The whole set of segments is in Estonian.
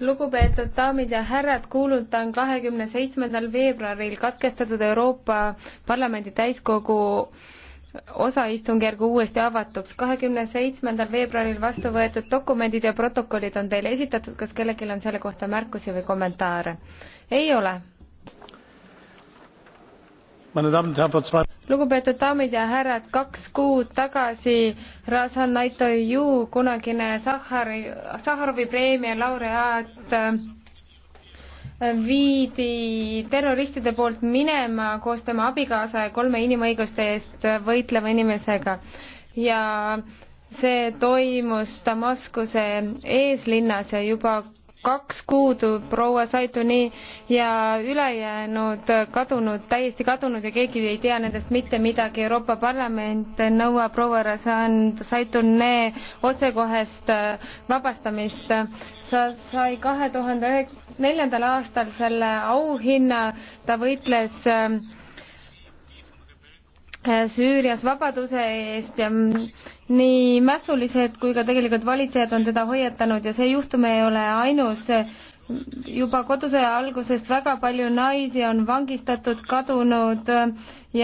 lugupeetud daamid ja härrad kuulutan 27. veebruaril katkestatud euroopa parlamendi täiskogu osaistungjärgu uuesti avatuks. 27. veebruaril vastu võetud dokumendid ja protokollid on teile esitatud kas kellelgi on selle kohta märkusi või kommentaare? ei ole lugupeetud daamid ja härrad, kaks kuud tagasi Razan Naitoju, kunagine Sahhari, Sahharovi preemia laureaat viidi terroristide poolt minema koos tema abikaasa ja kolme inimõiguste eest võitleva inimesega ja see toimus Damaskuse eeslinnas ja juba kaks kuud proua Saiduni ja ülejäänud kadunud, täiesti kadunud ja keegi ei tea nendest mitte midagi. Euroopa Parlament nõuab proua Razan Saidune otsekohest äh, vabastamist. sa sai kahe tuhande neljandal aastal selle auhinna, ta võitles ähm, Süürias vabaduse eest ja nii mässulised kui ka tegelikult valitsejad on teda hoiatanud ja see juhtum ei ole ainus. juba kodusõja algusest väga palju naisi on vangistatud, kadunud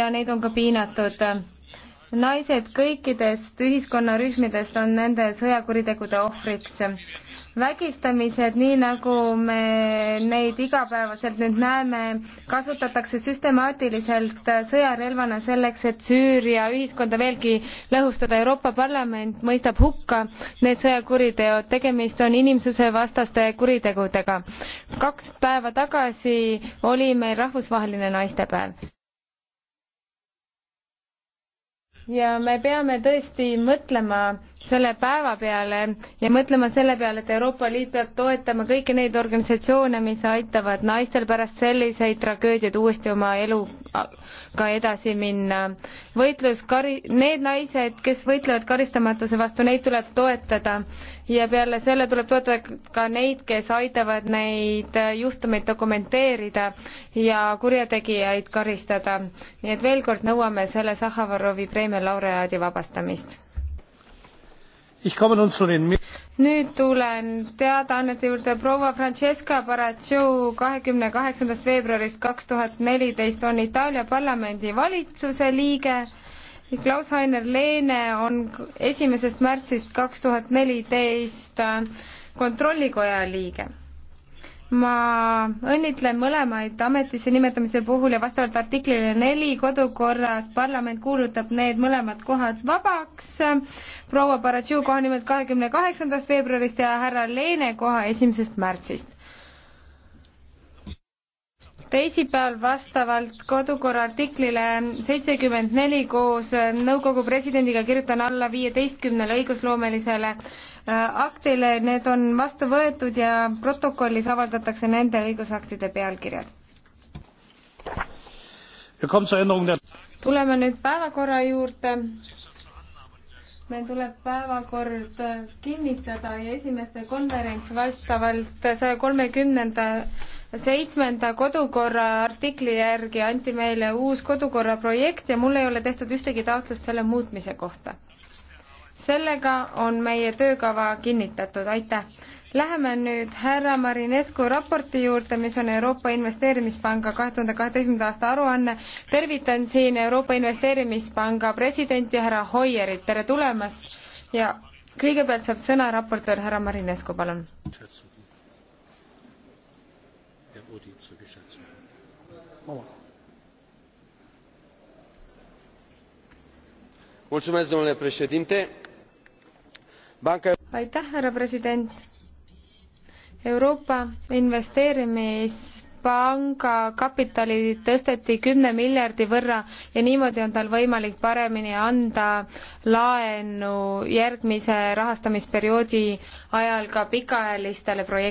ja neid on ka piinatud naised kõikidest ühiskonnarühmidest on nende sõjakuritegude ohvriks. vägistamised, nii nagu me neid igapäevaselt nüüd näeme, kasutatakse süstemaatiliselt sõjarelvana selleks, et Süüria ühiskonda veelgi lõhustada. Euroopa Parlament mõistab hukka need sõjakuriteod, tegemist on inimsusevastaste kuritegudega. kaks päeva tagasi oli meil rahvusvaheline naistepäev ja me peame tõesti mõtlema selle päeva peale ja mõtlema selle peale, et Euroopa Liit peab toetama kõiki neid organisatsioone, mis aitavad naistel pärast selliseid tragöödiaid uuesti oma eluga edasi minna. võitlus kari-, need naised, kes võitlevad karistamatuse vastu, neid tuleb toetada ja peale selle tuleb toetada ka neid, kes aitavad neid juhtumeid dokumenteerida ja kurjategijaid karistada. nii et veel kord nõuame selle Sahharovi preemia laureaadi vabastamist nüüd tulen teadaannete juurde proua Francesca Baracciu kahekümne kaheksandast veebruarist kaks tuhat neliteist on Itaalia parlamendi valitsuse liige. Klaus-Hainer Leene on esimesest märtsist kaks tuhat neliteist kontrollikoja liige ma õnnitlen mõlemaid ametisse nimetamise puhul ja vastavalt artiklile neli kodukorras parlament kuulutab need mõlemad kohad vabaks. proua Baratšu koha nimelt kahekümne kaheksandast veebruarist ja härra Leene koha esimesest märtsist teisipäeval vastavalt kodukorra artiklile seitsekümmend neli koos nõukogu presidendiga kirjutan alla viieteistkümnele õigusloomelisele äh, aktile, need on vastu võetud ja protokollis avaldatakse nende õigusaktide pealkirjad. tuleme nüüd päevakorra juurde. meil tuleb päevakord äh, kinnitada ja esimeste konverents vastavalt saja kolmekümnenda seitsmenda kodukorra artikli järgi anti meile uus kodukorra projekt ja mul ei ole tehtud ühtegi taotlust selle muutmise kohta. sellega on meie töökava kinnitatud, aitäh. Läheme nüüd härra Marinescu raporti juurde, mis on Euroopa Investeerimispanga kahe tuhande kaheteistkümnenda aasta aruanne. tervitan siin Euroopa Investeerimispanga presidenti härra Hoierit, tere tulemast ja kõigepealt saab sõna raportöör härra Marinescu, palun. Herr Odi zur Geschäftsordnung. Mulțumesc, domnule președinte. Banca... Aitäh, härra president. Euroopa Investeerimispanga kapitali tõsteti kümne miljardi võrra ja niimoodi on tal võimalik paremini anda laenu järgmise rahastamisperioodi ajal ka pikaajalistele projektidele.